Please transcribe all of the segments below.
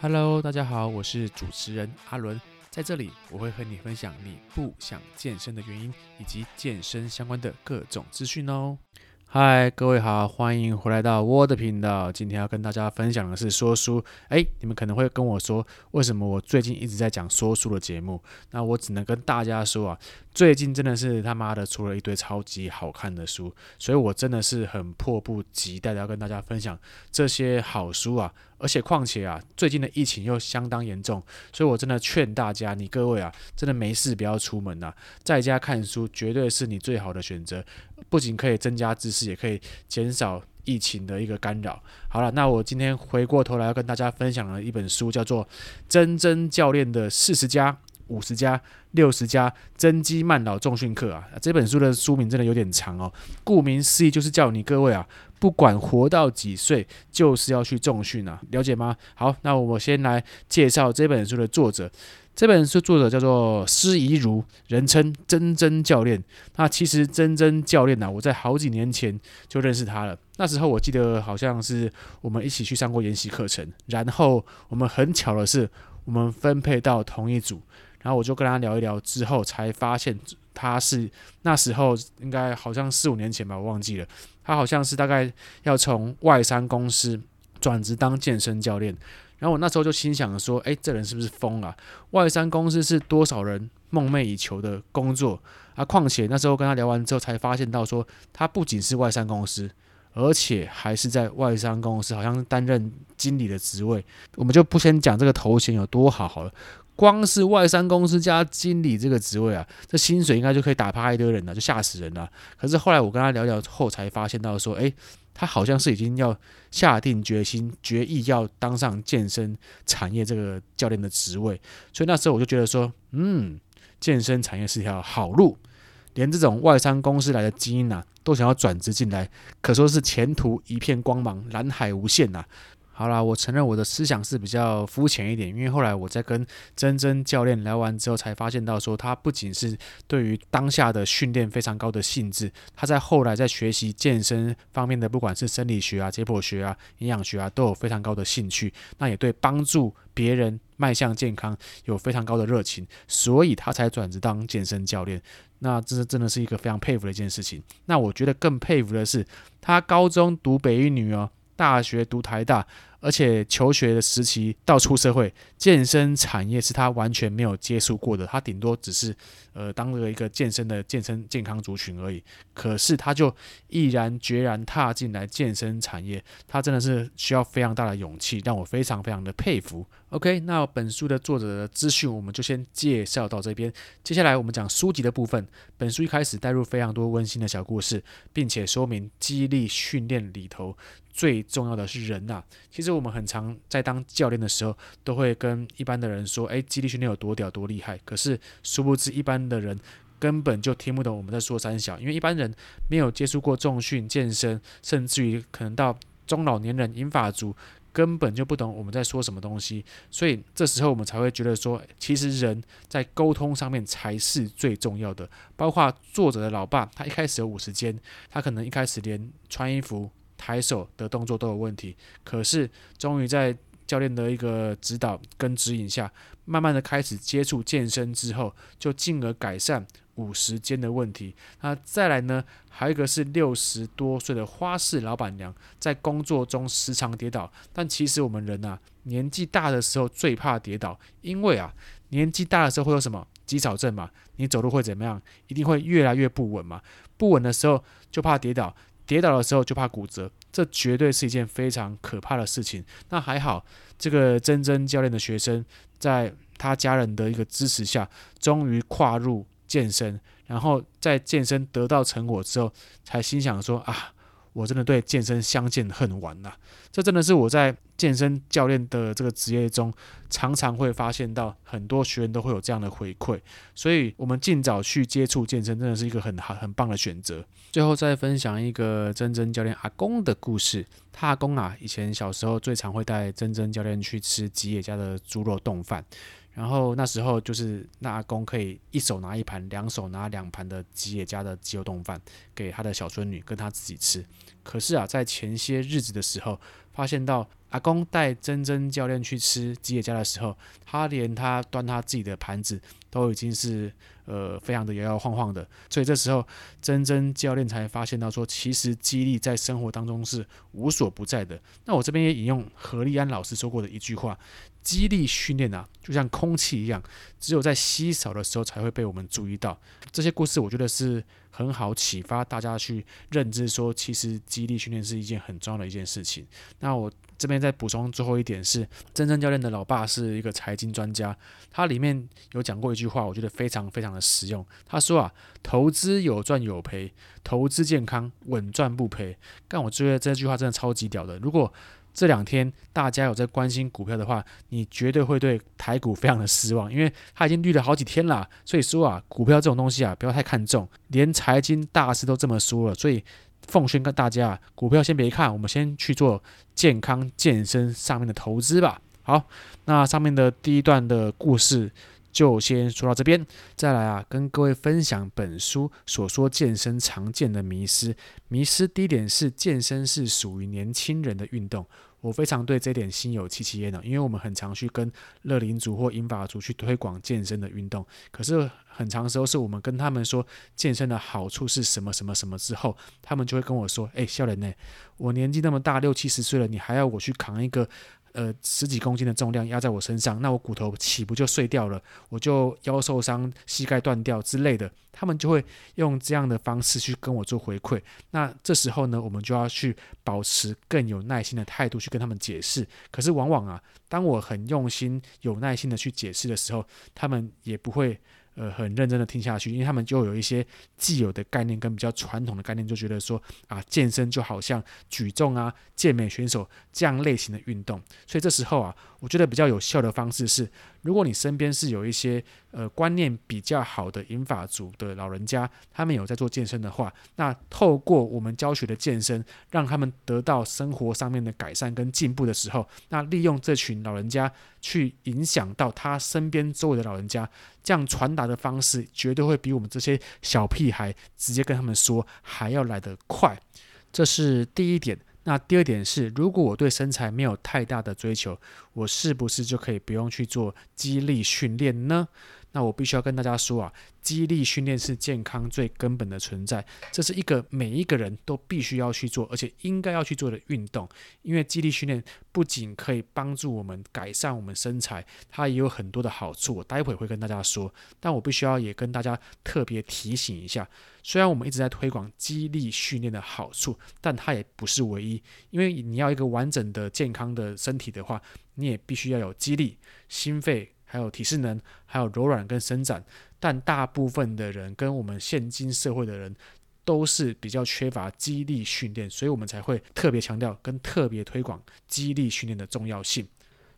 Hello，大家好，我是主持人阿倫，在這裡我會和你分享你不想健身的原因，以及健身相關的各種資訊哦。嗨，各位好，歡迎回來到我的頻道。今天要跟大家分享的是說書。誒，你們可能會跟我說，為什麼我最近一直在講說書的節目？那我只能跟大家說啊，最近真的是他媽的出了一堆超級好看的書，所以我真的是很迫不及待的要跟大家分享這些好書啊。而且況且啊，最近的疫情又相當嚴重，所以我真的勸大家，你各位啊，真的沒事不要出門吶，啊，在家看書絕對是你最好的選擇，不僅可以增加知識，也可以減少疫情的一個干擾。好了，那我今天回過頭來要跟大家分享的一本書，叫做《珍珍教練的四十加》。五十加六十加增肌慢老重訓課啊,啊！這本書的書名真的有點長哦。顧名思義，就是叫你各位啊，不管活到幾歲，就是要去重訓啊，了解嗎？好，那我先來介紹這本書的作者。這本書作者叫做施怡如，人稱“珍珍教練”。那其實“珍珍教練啊”吶，我在好幾年前就認識他了。那時候我記得好像是我們一起去上過研習課程，然後我們很巧的是，我們分配到同一組。然後我就跟他聊一聊，之後才發現他是那時候應該好像四五年前吧，我忘記了。他好像是大概要從外商公司轉職當健身教練。然後我那時候就心想說：“誒，這人是不是瘋了啊？外商公司是多少人夢寐以求的工作啊！況且那時候跟他聊完之後，才發現到說他不僅是外商公司，而且還是在外商公司，好像擔任經理的職位。我們就不先講這個頭銜有多好好了。”光是外商公司加經理這個職位啊，這薪水應該就可以打趴一堆人了，就嚇死人了。可是後來我跟他聊聊後，才發現到說，哎、欸，他好像是已經要下定決心、決意要當上健身產業這個教練的職位。所以那時候我就覺得說，嗯，健身產業是條好路，連這種外商公司來的精英啊，都想要轉職進來，可說是前途一片光芒，藍海無限吶、啊。好啦，我承認我的思想是比較膚淺一點，因為後來我在跟珍珍教練聊完之後，才發現到說，他不僅是對於當下的訓練非常高的興致，他在後來在學習健身方面的，不管是生理學啊、解剖學啊、營養學啊，都有非常高的興趣，那也對幫助別人邁向健康有非常高的熱情，所以他才轉職當健身教練。那這真的是一個非常佩服的一件事情。那我覺得更佩服的是，他高中讀北一女哦，大學讀台大。而且求學的時期到出社會，健身產業是他完全沒有接觸過的，他頂多只是呃當了一個健身的健身健康族群而已。可是他就毅然決然踏進來健身產業，他真的是需要非常大的勇氣，讓我非常非常的佩服。OK，那本書的作者的資訊我們就先介紹到這邊。接下來我們講書籍的部分。本書一開始帶入非常多溫馨的小故事，並且說明肌力訓練裡頭最重要的是人吶、啊。其實我們很常在當教練的時候，都會跟一般的人說：“誒、欸，肌力訓練有多屌多厲害。”可是殊不知，一般的人根本就聽不懂我們在說三小，因為一般人沒有接觸過重訓健身，甚至於可能到中老年人銀髮族。根本就不懂我們在說什麼東西，所以這時候我們才會覺得說，其實人在溝通上面才是最重要的。包括作者的老爸，他一開始有五十斤，他可能一開始連穿衣服、抬手的動作都有問題，可是終於在教練的一個指導跟指引下，慢慢的開始接觸健身之後，就進而改善五十肩的問題，那再來呢？還有一個是六十多歲的花市老板娘，在工作中時常跌倒。但其實我們人啊，年紀大的時候最怕跌倒，因為啊，年紀大的時候會有什麼肌少症嘛？你走路會怎麼樣？一定會越來越不穩嘛？不穩的時候就怕跌倒，跌倒的時候就怕骨折，這絕對是一件非常可怕的事情。那還好，這個珍珍教練的學生，在他家人的一個支持下，終於跨入。健身，然後在健身得到成果之後，才心想說啊，我真的對健身相見恨晚吶、啊。這真的是我在健身教練的這個職業中，常常會發現到很多學員都會有這樣的回饋。所以，我們盡早去接觸健身，真的是一個很好、很棒的選擇。最後再分享一個珍珍教練阿公的故事。他阿公啊，以前小時候最常會帶珍珍教練去吃吉野家的豬肉丼飯。然後那時候就是那阿公可以一手拿一盤，兩手拿兩盤的吉野家的雞肉丼飯給他的小孫女跟他自己吃。可是啊，在前些日子的時候，發現到阿公帶珍珍教練去吃吉野家的時候，他連他端他自己的盤子都已經是。呃，非常的搖搖晃晃的，所以這時候珍珍教練才發現到說，其實肌力在生活當中是無所不在的。那我這邊也引用何立安老師說過的一句話：“肌力訓練啊，就像空氣一樣，只有在稀少的時候才會被我們注意到。”這些故事我覺得是很好啟發大家去認知說，說其實肌力訓練是一件很重要的一件事情。那我。這邊再補充最後一點是，珍珍教練的老爸是一個財經專家，他裡面有講過一句話，我覺得非常非常的實用。他說啊，投資有賺有賠，投資健康穩賺不賠。但我覺得這句話真的超級屌的。如果這兩天大家有在關心股票的話，你絕對會對台股非常的失望，因為他已經綠了好幾天了。所以說啊，股票這種東西啊，不要太看重，連財經大師都這麼說了，所以奉勸跟大家股票先別看，我們先去做健康健身上面的投資吧。好，那上面的第一段的故事就先說到這邊，再來啊，跟各位分享本書所說健身常見的迷思。迷思第一點是健身是屬於年輕人的運動，我非常對這點心有戚戚焉呢，因為我們很常去跟樂齡族或銀髮族去推廣健身的運動，可是。很長的時候是我們跟他們說健身的好處是什麼什麼什麼之後，他們就會跟我說：“哎、欸，笑人呢？我年紀那麼大，六七十歲了，你還要我去扛一個呃十幾公斤的重量壓在我身上，那我骨頭豈不就碎掉了？我就腰受傷、膝蓋斷掉之類的。”他們就會用這樣的方式去跟我做回饋。那這時候呢，我們就要去保持更有耐心的態度去跟他們解釋。可是往往啊，當我很用心、有耐心的去解釋的時候，他們也不會。呃，很認真的聽下去，因為他們就有一些既有的概念跟比較傳統的概念，就覺得說啊，健身就好像舉重啊、健美選手這樣類型的運動，所以這時候啊。我覺得比較有效的方式是，如果你身邊是有一些呃觀念比較好的銀髮族的老人家，他們有在做健身的話，那透過我們教學的健身，讓他們得到生活上面的改善跟進步的時候，那利用這群老人家去影響到他身邊周圍的老人家，這樣傳達的方式，絕對會比我們這些小屁孩直接跟他們說還要來得快。這是第一點。那第二點是，如果我對身材沒有太大的追求，我是不是就可以不用去做肌力訓練呢？那我必須要跟大家說啊，肌力訓練是健康最根本的存在，這是一個每一個人都必須要去做，而且應該要去做的運動。因為肌力訓練不僅可以幫助我們改善我們身材，它也有很多的好處。我待會兒會跟大家說。但我必須要也跟大家特別提醒一下，雖然我們一直在推廣肌力訓練的好處，但它也不是唯一。因為你要一個完整的健康的身體的話，你也必須要有肌力、心肺。還有體適能，還有柔軟跟伸展，但大部分的人跟我們現今社會的人都是比較缺乏肌力訓練，所以我們才會特別強調跟特別推廣肌力訓練的重要性。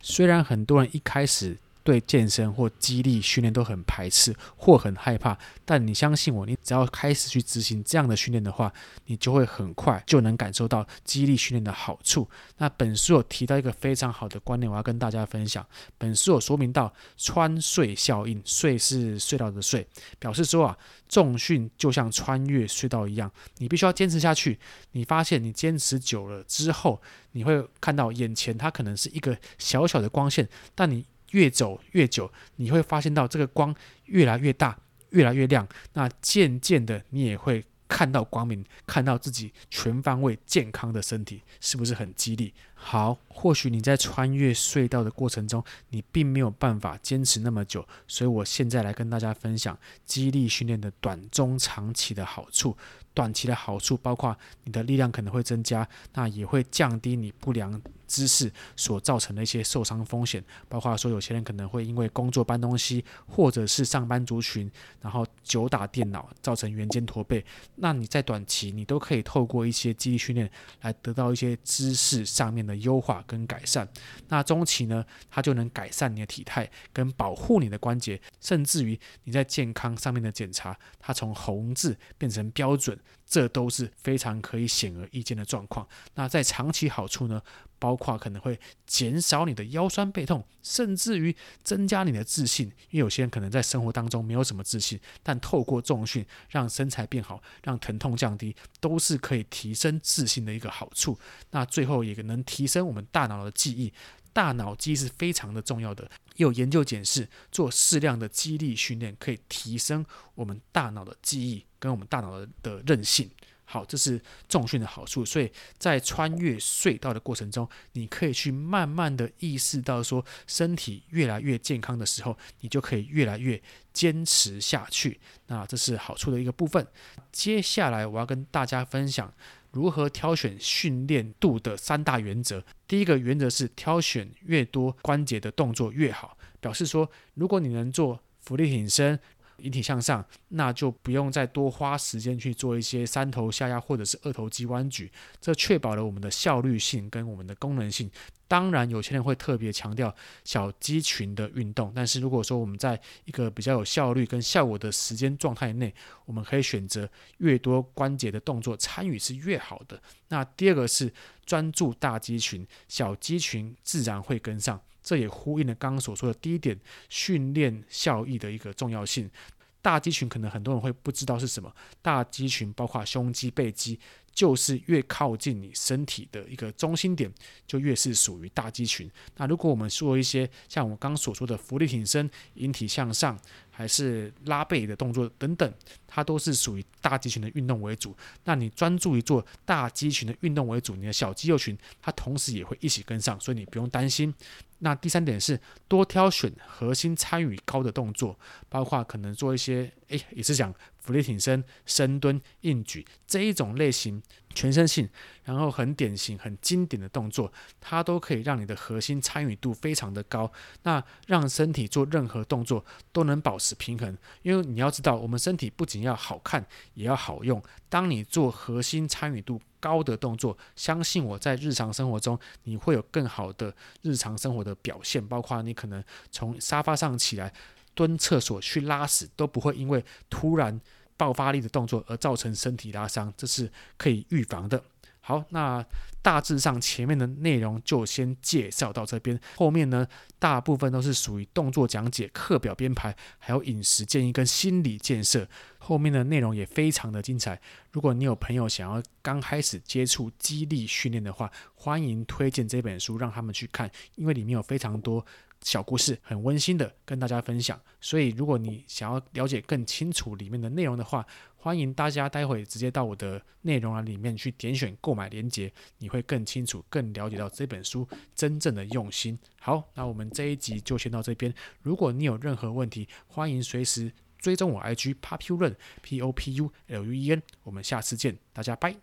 雖然很多人一開始，對健身或肌力訓練都很排斥或很害怕，但你相信我，你只要開始去執行這樣的訓練的話，你就會很快就能感受到肌力訓練的好處。那本書有提到一個非常好的觀念，我要跟大家分享。本書有說明到穿隧效應，隧是隧道的隧，表示說啊，重訓就像穿越隧道一樣，你必須要堅持下去。你發現你堅持久了之後，你會看到眼前它可能是一個小小的光線，但你。越走越久，你會發現到這個光越來越大，越來越亮。那漸漸的，你也會看到光明，看到自己全方位健康的身體，是不是很激勵？好，或許你在穿越隧道的過程中，你並沒有辦法堅持那麼久，所以我現在來跟大家分享肌力訓練的短、中、長期的好處。短期的好處包括你的力量可能會增加，那也會降低你不良姿勢所造成的一些受傷風險。包括說有些人可能會因為工作搬東西，或者是上班族群，然後久打電腦造成圓肩駝背。那你在短期你都可以透過一些肌力訓練來得到一些姿勢上面的優化跟改善。那中期呢，它就能改善你的體態，跟保護你的關節，甚至於你在健康上面的檢查，它從紅字變成標準。這都是非常可以顯而易見的狀況。那在長期好處呢，包括可能會減少你的腰酸背痛，甚至於增加你的自信。因為有些人可能在生活當中沒有什麼自信，但透過重訓讓身材變好，讓疼痛降低，都是可以提升自信的一個好處。那最後一個能提升我們大腦的記憶。大腦機是非常的重要的，有研究顯示，做適量的肌力訓練可以提升我們大腦的記憶跟我們大腦的韌性。好，這是重訓的好處。所以在穿越隧道的過程中，你可以去慢慢的意識到說，身體越來越健康的時候，你就可以越來越堅持下去。那這是好處的一個部分。接下來我要跟大家分享。如何挑選訓練度的三大原則？第一個原則是挑選越多關節的動作越好，表示說，如果你能做伏地挺身、引體向上，那就不用再多花時間去做一些三頭下壓或者是二頭肌彎舉，這確保了我們的效率性跟我們的功能性。當然，有些人會特別強調小肌群的運動，但是如果說我們在一個比較有效率跟效果的時間狀態內，我們可以選擇越多關節的動作參與是越好的。那第二個是專注大肌群，小肌群自然會跟上，這也呼應了剛剛所說的第一點訓練效益的一個重要性。大肌群可能很多人會不知道是什麼，大肌群包括胸肌、背肌。就是越靠近你身體的一個中心點，就越是屬於大肌群。那如果我們做一些像我剛剛所說的伏地挺身、引體向上，還是拉背的動作等等，它都是屬於大肌群的運動為主。那你專注於做大肌群的運動為主，你的小肌肉群它同時也會一起跟上，所以你不用擔心。那第三點是多挑選核心參與高的動作，包括可能做一些，哎、欸，也是講俯臥挺身、深蹲、硬舉這一種類型，全身性，然後很典型、很經典的動作，它都可以讓你的核心參與度非常的高。那讓身體做任何動作都能保持平衡，因為你要知道，我們身體不僅要好看，也要好用。當你做核心參與度高的動作，相信我，在日常生活中，你會有更好的日常生活的表現，包括你可能從沙發上起來蹲廁所去拉屎，都不會因為突然爆發力的動作而造成身體拉傷，這是可以預防的。好，那大致上前面的內容就先介紹到這邊。後面呢，大部分都是屬於動作講解、課表編排，還有飲食建議跟心理建設。後面的內容也非常的精彩。如果你有朋友想要剛開始接觸肌力訓練的話，歡迎推薦這本書讓他們去看，因為裡面有非常多。小故事很溫馨的跟大家分享，所以如果你想要了解更清楚裡面的內容的話，歡迎大家待會直接到我的內容欄裡面去點選購買連結，你會更清楚、更了解到這本書真正的用心。好，那我們這一集就先到這邊。如果你有任何問題，歡迎隨時追蹤我 IG populuen p o p u l u e n。我們下次見，大家拜。